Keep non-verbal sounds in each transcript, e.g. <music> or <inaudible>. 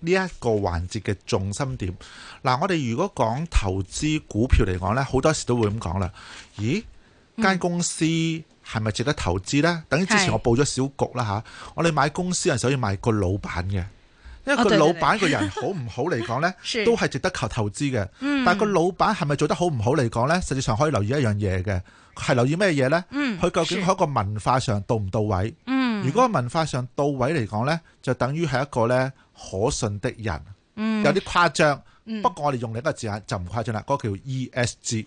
呢、這、一個環節嘅重心點，嗱，我哋如果講投資股票嚟講呢，好多時都會咁講啦。咦，間、嗯、公司係咪值得投資呢？等於之前我報咗小局啦吓、啊，我哋買公司係想要買個老闆嘅，因為個老闆個人好唔好嚟講呢，都係值得求投資嘅、嗯。但係個老闆係咪做得好唔好嚟講呢？實際上可以留意一樣嘢嘅，係留意咩嘢呢？佢究竟喺個文化上到唔到位？嗯如果文化上到位嚟講咧，就等於係一個咧可信的人，有啲誇張，不過我哋用另一個字眼就唔誇張啦，嗰個叫 ESG。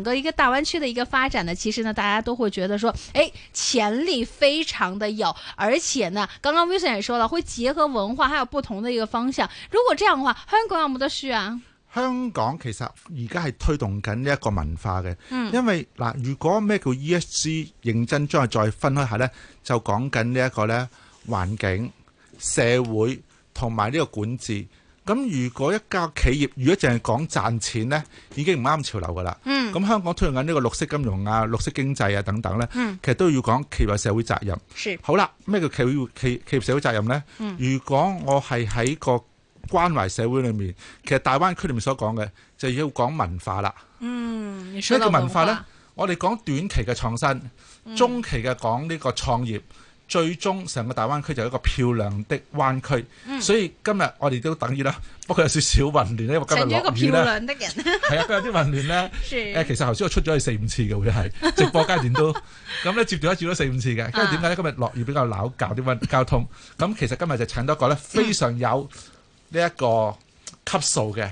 整個一個大灣區的一個發展呢，其實呢，大家都會覺得說，誒，潛力非常的有，而且呢，剛剛 Wilson 也說了，會結合文化，還有不同的一個方向。如果這樣的話，香港有冇得輸啊？香港其實而家係推動緊呢一個文化嘅，嗯，因為嗱，如果咩叫 ESG，認真將佢再分開下呢，就講緊呢一個呢環境、社會同埋呢個管治。咁如果一家企業如果淨係講賺錢咧，已經唔啱潮流噶啦。咁、嗯、香港推緊呢個綠色金融啊、綠色經濟啊等等咧、嗯，其實都要講企，企，企業社會責任。是。好啦，咩叫企業企企業社會責任咧？如果我係喺個關懷社會裏面，其實大灣區裏面所講嘅就要講文化啦。嗯。咩叫文化咧、呢個？我哋講短期嘅創新，中期嘅講呢個創業。嗯最終成個大灣區就有一個漂亮的灣區，嗯，所以今日我哋都等於啦，不過有少少混亂，因為今日落雨咧。成咗一個漂亮的人，係 <laughs> 啊，都有啲混亂咧。誒、 <laughs> 呃，其實頭先我出咗去四五次嘅，會係直播階段都咁咧、 <laughs> 嗯，接咗咧接咗四五次嘅。因為點解咧？今日落雨比較攪搞啲運交通。咁、 <laughs> 嗯、其實今日就請多一個咧，非常有呢一個級數嘅。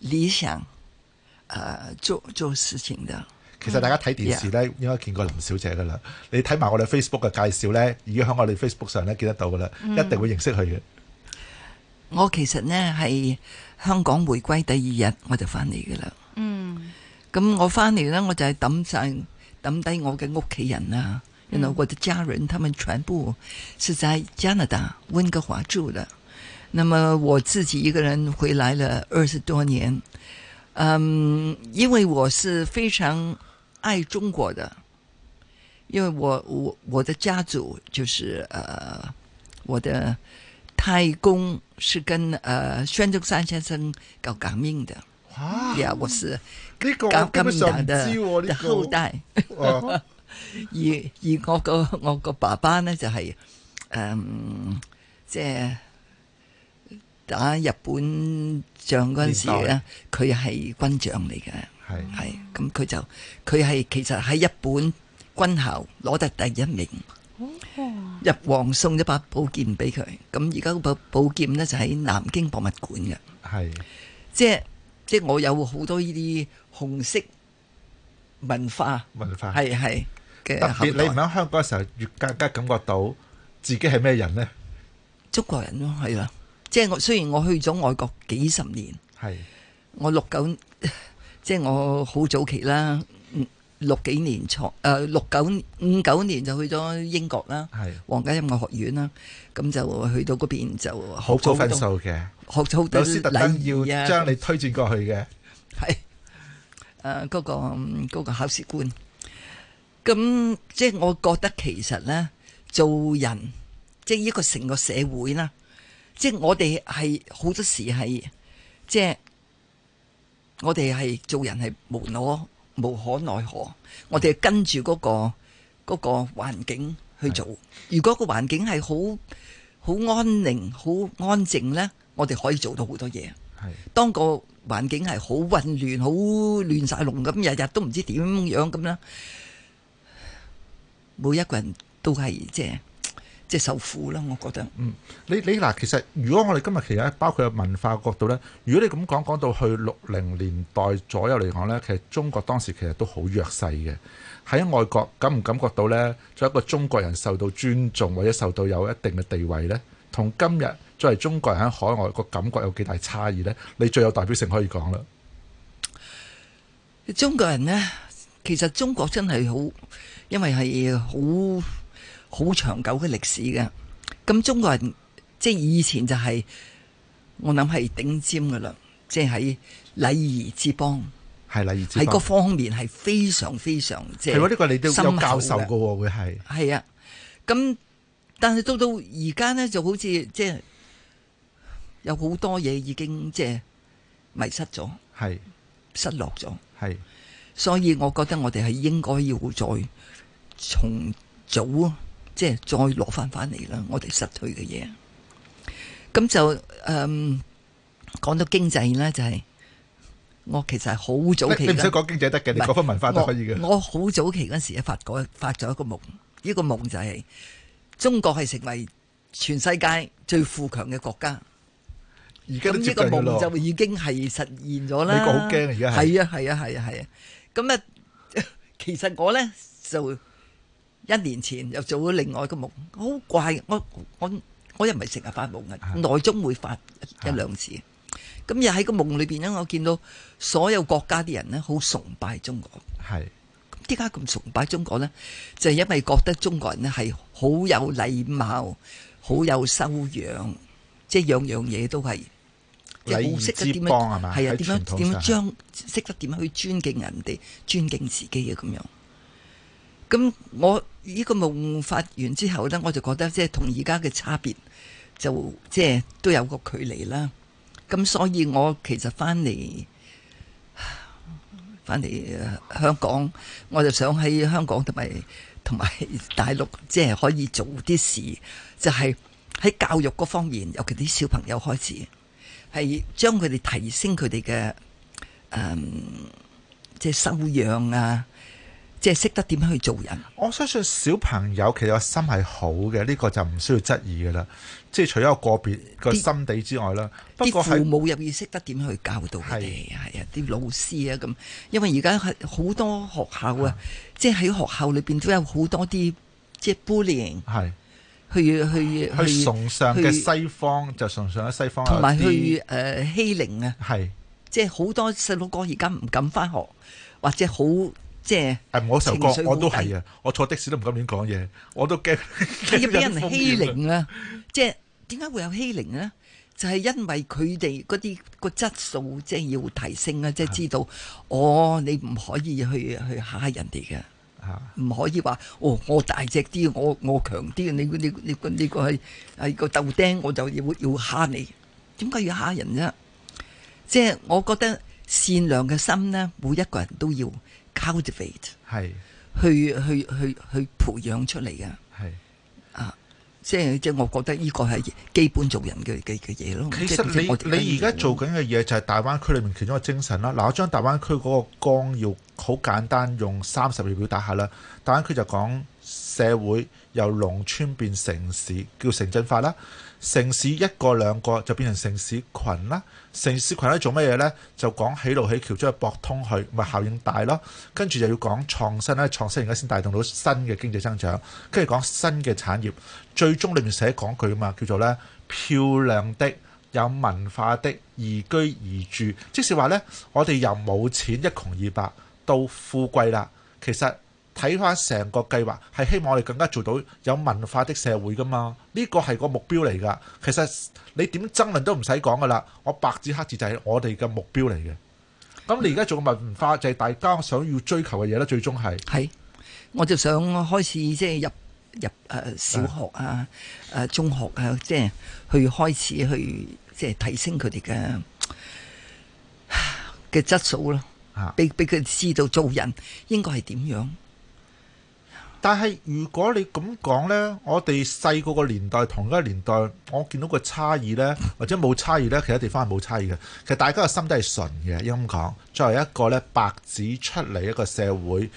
理想，呃、做做事情的。其實大家睇電視咧、嗯，應該見過林小姐嘅啦、嗯。你睇埋我哋 Facebook 嘅介紹咧，已經喺我哋 Facebook 上咧見得到嘅啦、嗯，一定會認識佢嘅。我其實呢，係香港回歸第二日我就翻嚟嘅啦。嗯，咁我翻嚟咧，我就係抌晒抌低我嘅屋企人啦、啊，然、嗯、後我的家人，他們全部是在加拿大溫哥華住嘅。那麼我自己一個人回來了二十多年，嗯，因為我是非常愛中國的，因為我我我的家族就是呃，我的太公是跟呃孫中山先生搞革命的，啊，呀，我是，搞革命黨的、這個這個、的後代，而 <laughs> 以，以我個我個爸爸呢，就係、是，嗯，即係。打日本仗嗰陣時咧，佢係軍長嚟嘅，係咁佢就佢係其實喺日本軍校攞得第一名，日皇送咗把寶劍俾佢，咁而家個寶劍咧就喺南京博物館嘅，係即係即係我有好多呢啲紅色文化文化係係嘅，特別你響香港嘅時候越更加感覺到自己係咩人咧，中國人咯係啦。即係我雖然我去咗外國幾十年，係我六九，即係我好早期啦，六幾年初，誒六九五九年就去咗英國啦，皇家音樂學院啦，咁就去到嗰邊就好高分數嘅，學咗好多禮啊！老師特登要將你推薦過去嘅，係誒嗰個嗰個考試官。咁即係我覺得其實咧，做人即係一個成個社會啦。即係我哋係好多時，係即係我哋係做人係無可無可奈何，我哋係跟住嗰個嗰個環境去做。如果個環境係好好安寧、好安靜咧，我哋可以做到好多嘢。係當個環境係好混亂、好亂晒龍咁，日日都唔知點樣咁啦，每一個人都係即係。即係受苦啦，我覺得。嗯，你你嗱，其實如果我哋今日其實包括文化角度咧，如果你咁講講到去六零年代左右嚟講咧，其實中國當時其實都好弱勢嘅。喺外國感唔感覺到咧，作為一個中國人受到尊重或者受到有一定嘅地位咧，同今日作為中國人喺海外個感覺有幾大差異咧？你最有代表性可以講啦。中國人呢，其實中國真係好，因為係好。好長久嘅歷史嘅，咁中國人即係以前就係、是、我諗係頂尖嘅啦，即係喺禮儀之邦，係禮儀之邦，喺個方面係非常非常即係。係喎，呢個你都有教授嘅喎，會係。係啊，咁但係到到而家咧，就好似即係有好多嘢已經即係迷失咗，係失落咗，係。所以我覺得我哋係應該要再重組。即係再攞翻翻嚟啦，我哋失去嘅嘢。咁就嗯，講到經濟咧，就係我其實係好早期。你唔使講經濟得嘅，你講翻文化都可以嘅。我好早期嗰時啊，發過發咗一個夢，呢個夢就係中國係成為全世界最富強嘅國家。而家呢個夢就已經係實現咗啦。呢個好驚，而家係啊係啊係啊係啊。咁咧，其實我咧就。一年前又做咗另外一個夢，好怪！我我我又唔係成日發夢嘅，內中會發一兩次。咁又喺個夢裏邊咧，我見到所有國家啲人咧，好崇拜中國。係，咁點解咁崇拜中國咧？就係因為覺得中國人咧係好有禮貌，好有修養，即係樣樣嘢都係好識得點樣禮儀之邦係嘛？係啊，點樣點樣將識得點樣去尊敬人哋、尊敬自己嘅咁樣。咁我。呢個夢發完之後呢，我就覺得即係同而家嘅差別，就即係都有個距離啦。咁所以，我其實翻嚟翻嚟香港，我就想喺香港同埋同埋大陸，即係可以做啲事，就係喺教育嗰方面，尤其啲小朋友開始，係將佢哋提升佢哋嘅，嗯，即係修養啊。即係識得點樣去做人。我相信小朋友其實心係好嘅，呢個就唔需要質疑噶啦。即係除咗個個別個心地之外啦，不過啲父母入要識得點樣去教導佢哋。係啊係啊，啲老師啊咁，因為而家係好多學校啊，即係喺學校裏邊都有好多啲即係 bullying 是。係去去去崇尚嘅西方就崇尚嘅西方同埋去誒、呃、欺凌啊。係即係好多細路哥而家唔敢翻學，或者好。即、係，誒！我受過我都係啊！我坐的士都唔敢亂講嘢，我都驚。要俾人欺凌啊！即係點解會有欺凌呢？就係因為佢哋嗰啲個質素即係要提升啊！即、係知道，啊，哦，你唔可以去去蝦人哋嘅，唔，啊，可以話哦，我大隻啲，我我強啲，你你你你個係係個豆丁，我就要要蝦你。點解要蝦人啫？即、係我覺得。善良嘅心咧，每一個人都要 cultivate，係去去去去培養出嚟嘅，係啊，即係即係，我覺得呢個係基本做人嘅嘅嘅嘢咯。其實你你而家做緊嘅嘢就係大灣區裏面其中嘅精神啦，啊。嗱、啊，我將大灣區嗰個綱要好簡單用三十秒表達下啦。大灣區就講社會由農村變城市，叫城鎮化啦。城市一個兩個就變成城市群啦，城市群咧做乜嘢咧？就講起路起橋將去博通去，咪效應大咯。跟住就要講創新啦，創新而家先帶動到新嘅經濟增長。跟住講新嘅產業，最終裏面寫講句嘛，叫做咧漂亮的、有文化的宜居宜住，即使話咧我哋由冇錢一窮二白到富貴啦，其實。睇翻成個計劃，係希望我哋更加做到有文化的社會噶嘛？呢、這個係個目標嚟噶。其實你點爭論都唔使講噶啦，我白紙黑字就係我哋嘅目標嚟嘅。咁你而家做嘅文化就係大家想要追求嘅嘢啦。最終係係，我就想開始即係入入誒、呃、小學啊誒、啊、中學啊，即、就、係、是、去開始去即係提升佢哋嘅嘅質素咯。啊，俾俾佢知道做人應該係點樣。但係如果你咁講咧，我哋細個個年代同一個年代，我見到個差異咧，或者冇差異咧，其他地方係冇差異嘅。其實大家個心都係純嘅，應該咁講。作為一個咧白紙出嚟一個社會，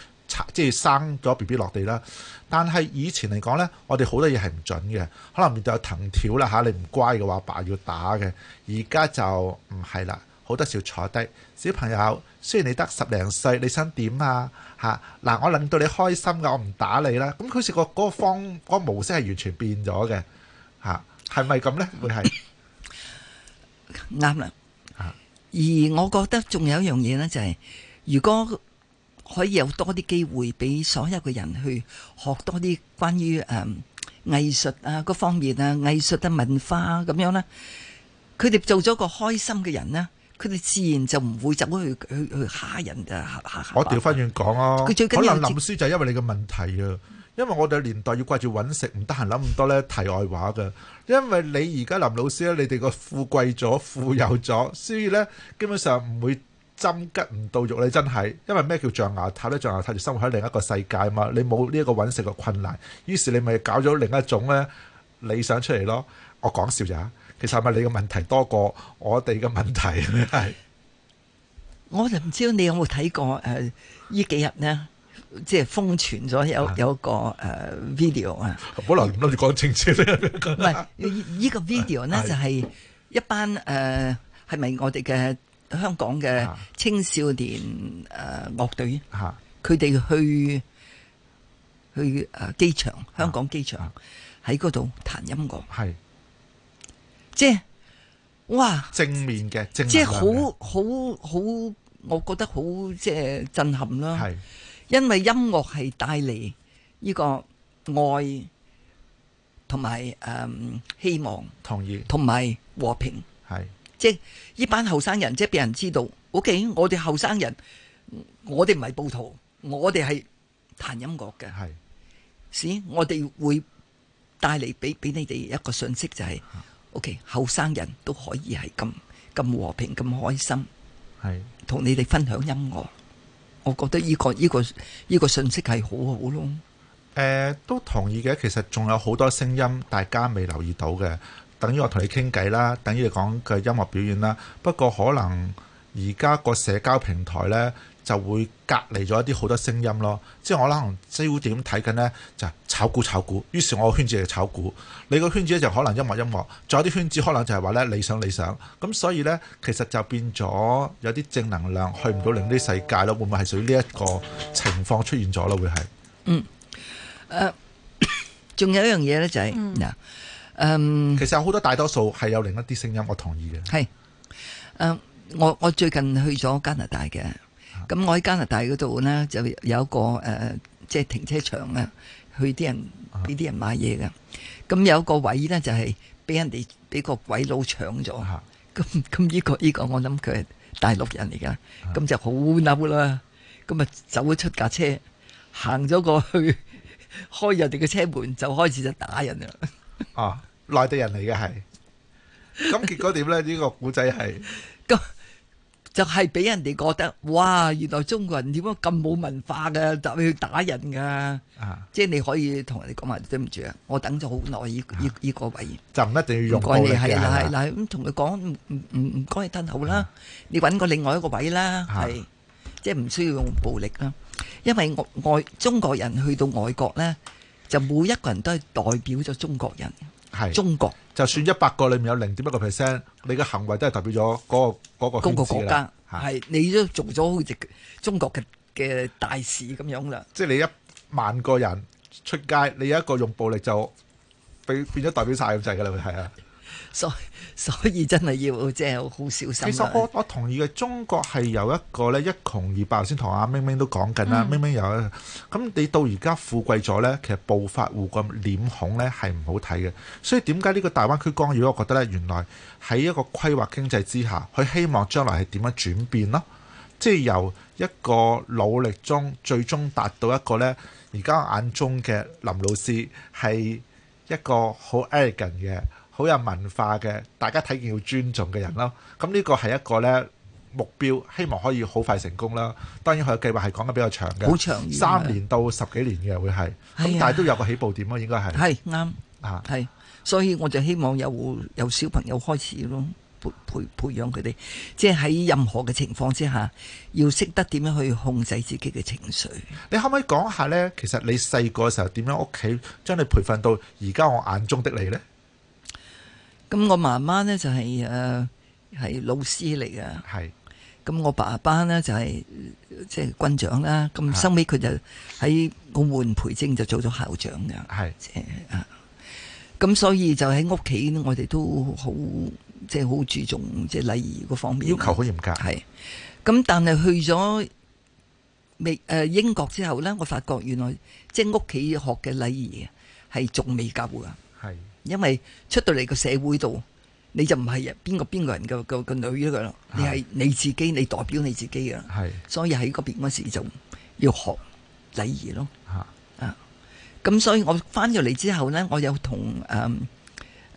即係生咗 BB 落地啦。但係以前嚟講咧，我哋好多嘢係唔準嘅，可能面對有藤條啦嚇，你唔乖嘅話，爸要打嘅。而家就唔係啦。好多時，時坐低，小朋友，雖然你得十零歲，你想點啊？嚇、啊、嗱，我令到你開心嘅，我唔打你啦。咁佢似個方、嗰個、模式係完全變咗嘅，嚇係咪咁呢？ <coughs> 會係啱啦。嚇、嗯嗯嗯，而我覺得仲有一樣嘢呢，就係如果可以有多啲機會俾所有嘅人去學多啲關於誒、嗯、藝術啊，各方面啊藝術嘅、啊、文化咁、啊、樣呢、啊，佢哋做咗個開心嘅人呢。佢哋自然就唔會走去去去蝦人嘅。人我調翻轉講啊，佢最緊要可能林師就因為你嘅問題啊，嗯、因為我哋年代要掛住揾食，唔得閒諗咁多咧，題外話嘅。因為你而家林老師咧，你哋個富貴咗，富有咗，所以咧，基本上唔會針吉唔到肉。你真係，因為咩叫象牙塔咧？象牙塔就生活喺另一個世界嘛。你冇呢一個揾食嘅困難，於是你咪搞咗另一種咧理想出嚟咯。我講笑咋、啊？其實係咪你嘅問題多過我哋嘅問題？係 <laughs> 我就唔知道你有冇睇過誒？呃、這幾呢幾日呢即係瘋傳咗有、啊、有一個誒、呃、video 啊！可能諗住講正事咧，唔係呢個 video 呢，啊、就係、是、一班誒係咪我哋嘅香港嘅青少年誒樂隊？吓、啊，佢、呃、哋、啊呃啊啊、去去誒機場，香港機場喺嗰度彈音樂，係、啊。啊即係，哇！正面嘅，即係好好好，我覺得好即係震撼啦。係，因為音樂係帶嚟呢個愛同埋誒希望，同意，同埋和平。係，即係呢班後生人，即係俾人知道，OK，我哋後生人，我哋唔係暴徒，我哋係彈音樂嘅。係，是，我哋會帶嚟俾俾你哋一個信息，就是，就係。OK，後生人都可以係咁咁和平咁開心，係同你哋分享音樂，我覺得呢個呢個呢個信息係好好咯。誒，都同意嘅。其實仲有好多聲音，大家未留意到嘅，等於我同你傾偈啦，等於你講嘅音樂表演啦。不過可能而家個社交平台呢。就會隔離咗一啲好多聲音咯，即係我可能焦點睇緊呢，就係、是、炒股炒股，於是我個圈子就炒股，你個圈子就可能音樂音樂，仲有啲圈子可能就係話呢理想理想，咁所以呢，其實就變咗有啲正能量去唔到另一啲世界咯，會唔會係屬於呢一個情況出現咗咯？會係嗯仲、呃、有一樣嘢呢，就係、是嗯呃嗯、其實有好多大多數係有另一啲聲音，我同意嘅係、呃、我我最近去咗加拿大嘅。咁我喺加拿大嗰度咧，就有一個誒，即、呃、係、就是、停車場咧，去啲人俾啲人買嘢㗎。咁、啊、有一個位咧，就係、是、俾人哋俾個鬼佬搶咗。咁咁呢個呢個，這個、我諗佢係大陸人嚟㗎。咁、啊、就好嬲啦。咁啊走咗出架車，行咗過去，開人哋嘅車門，就開始就打人啦。哦、 <laughs> 啊，內地人嚟嘅係。咁結果點咧？呢 <laughs> 個古仔係。就係俾人哋覺得，哇！原來中國人點解咁冇文化㗎，就去打人噶。啊！即係你可以同人哋講話，對唔住啊，我等咗好耐，要要依個位。就唔一定要用暴力嘅。唔該你係啦係，咁同佢講唔唔唔唔，講嘢吞好啦，你揾個另外一個位啦。係，即係唔需要用暴力啦，因為我外中國人去到外國咧，就每一個人都係代表咗中國人。係是中國，就算一百個裏面有零點一個 percent，你嘅行為都係代表咗嗰嗰個。那個國，國家係，是你都做咗好似中國嘅嘅大事咁樣啦。即係你一萬個人出街，你有一個用暴力就變變咗代表晒咁滯㗎喇，係啊。所以所以真係要即係好小心。其實我我同意嘅，中國係有一個咧一窮二白。先同阿明明都講緊啦，明明有咁。嗯、你到而家富貴咗咧，其實暴發戶個臉孔咧係唔好睇嘅。所以點解呢個大灣區干預？我覺得咧，原來喺一個規劃經濟之下，佢希望將來係點樣轉變咯？即係由一個努力中，最終達到一個咧。而家眼中嘅林老師係一個好 elegant 嘅。好有文化嘅，大家睇見要尊重嘅人咯。咁呢個係一個呢目標，希望可以好快成功啦。當然佢嘅計劃係講得比較長嘅，好長，三年到十幾年嘅會係。咁但係都有個起步點咯，應該係。係啱啊，係。所以我就希望有有小朋友開始咯，培培培養佢哋，即係喺任何嘅情況之下，要識得點樣去控制自己嘅情緒。你可唔可以講下呢？其實你細個嘅時候點樣屋企將你培訓到而家我眼中的你呢？咁我媽媽呢，就係誒係老師嚟嘅，咁我爸爸呢，就係即係軍長啦。咁收尾佢就喺我換培正就做咗校長嘅，咁、即係啊、所以就喺屋企我哋都好即係好注重即係禮儀嗰方面，要求好嚴格。係咁，但係去咗未誒、呃、英國之後呢，我發覺原來即係屋企學嘅禮儀係仲未夠㗎。因為出到嚟個社會度，你就唔係邊個邊個人嘅嘅嘅女啦，你係你自己，你代表你自己啊。係，所以喺嗰邊嗰時就要學禮儀咯。吓，啊，咁所以我翻咗嚟之後咧，我有同誒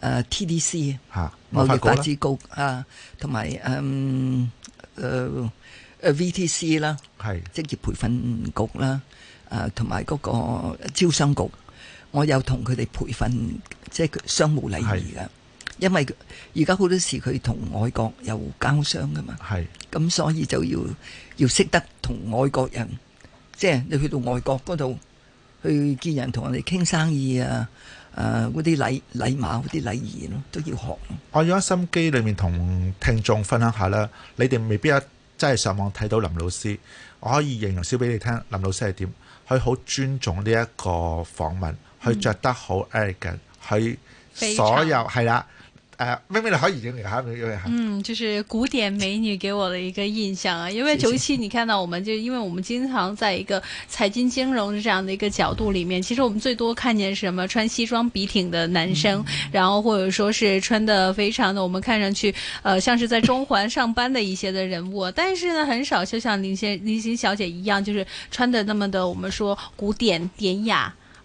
誒 TDC 吓，貿易發展局啊，同埋誒誒誒 VTC 啦，係職業培訓局啦，誒同埋嗰個招商局。我有同佢哋培訓，即係商務禮儀嘅，因為而家好多時佢同外國有交商噶嘛，咁所以就要要識得同外國人，即係你去到外國嗰度去見人，同人哋傾生意啊，誒嗰啲禮禮貌、嗰啲禮儀咯，都要學。我而家心機裏面同聽眾分享下啦。你哋未必一真係上網睇到林老師，我可以形容少俾你聽。林老師係點？佢好尊重呢一個訪問。佢著得好 elegant，佢所有係啦，誒、啊呃，明明你可以影嚟下，嗯，就是古典美女給我的一個印象啊， <laughs> 因為尤其你看到我們，就，因為我們經常在一個財經金融的這樣的一個角度裏面，嗯、其實我們最多看見什麼？穿西裝筆挺的男生、嗯，然後或者說是穿得非常的，我們看上去，呃，像是在中環上班的一些的人物、啊，但是呢，很少就像林先林欣小姐一樣，就是穿得那麼的，我們說古典典雅。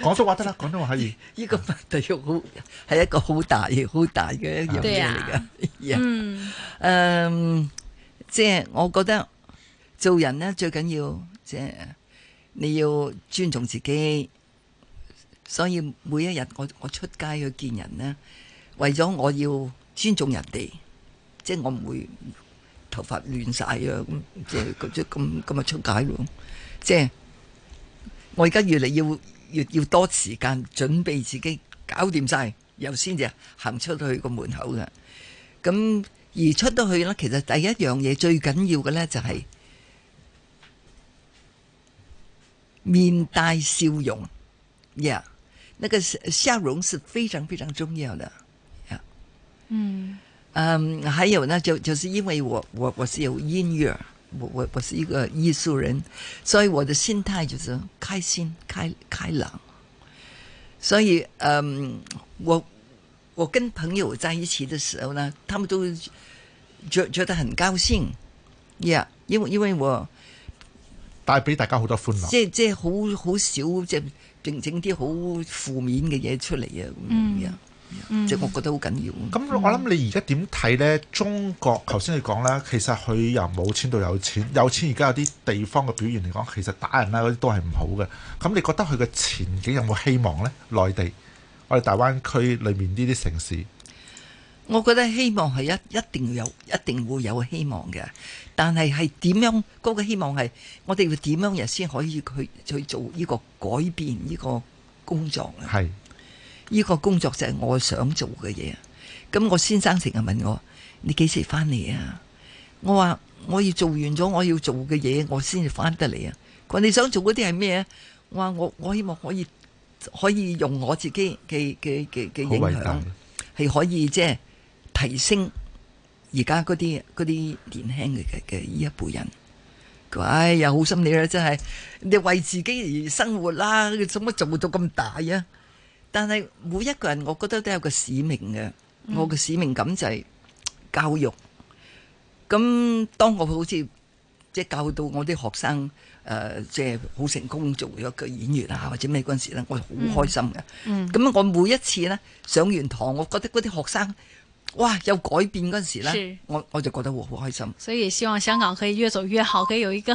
講普通話得啦，講普通話可以。呢 <laughs> 個問題好係一個好大嘅、好大嘅一樣嘢嚟嘅。啊 <laughs> yeah. um, 嗯，誒，即係我覺得做人咧最緊要，即係你要尊重自己。所以每一日我我出街去見人咧，為咗我要尊重人哋，即係我唔會頭髮亂晒啊，咁即係咁即咁咁啊出街咯，即係。我而家越嚟要越要多時間準備自己，搞掂晒，又先至行出去個門口嘅。咁而出到去咧，其實第一樣嘢最緊要嘅咧就係面帶笑容。呀，那個笑容是非常非常重要的。呀，嗯嗯，還有呢就就是因為我我我是有音樂。我我我是一個藝術人，所以我的心態就是開心、開開朗。所以嗯，我我跟朋友在一起的時候呢，他們都覺得覺得很高興，呀、yeah，因為因為我帶俾大家好多歡樂，即即好好少即整整啲好負面嘅嘢出嚟啊，咁即、嗯、係、就是、我覺得好緊要。咁我諗你而家點睇呢、嗯？中國頭先你講啦，其實佢由冇錢到有錢，有錢而家有啲地方嘅表現嚟講，其實打人啦嗰啲都係唔好嘅。咁你覺得佢嘅前景有冇希望呢？內地，我哋大灣區裏面呢啲城市，我覺得希望係一一定有，一定會有希望嘅。但係係點樣嗰、嗰個希望係我哋會點樣人先可以去去做呢個改變呢個工作啊？係。呢個工作就係我想做嘅嘢，咁我先生成日問我：你幾時翻嚟啊？我話我要做完咗我要做嘅嘢，我先至翻得嚟啊！佢話你想做嗰啲係咩？我話我我希望可以可以用我自己嘅嘅嘅嘅影響，係可以即係、就是、提升而家嗰啲啲年輕嘅嘅呢一輩人。」佢話哎呀，又好心你啦，真係你為自己而生活啦，做乜做到咁大啊？但係每一個人，我覺得都有個使命嘅。我嘅使命感就係教育。咁、嗯、當我好似即係教到我啲學生誒、呃，即係好成功做咗個演員啊，或者咩陣時咧，我就好開心嘅。咁、嗯嗯、我每一次咧上完堂，我覺得啲學生哇有改變陣時咧，我我就覺得我好開心。所以希望香港可以越走越好，可以有一個。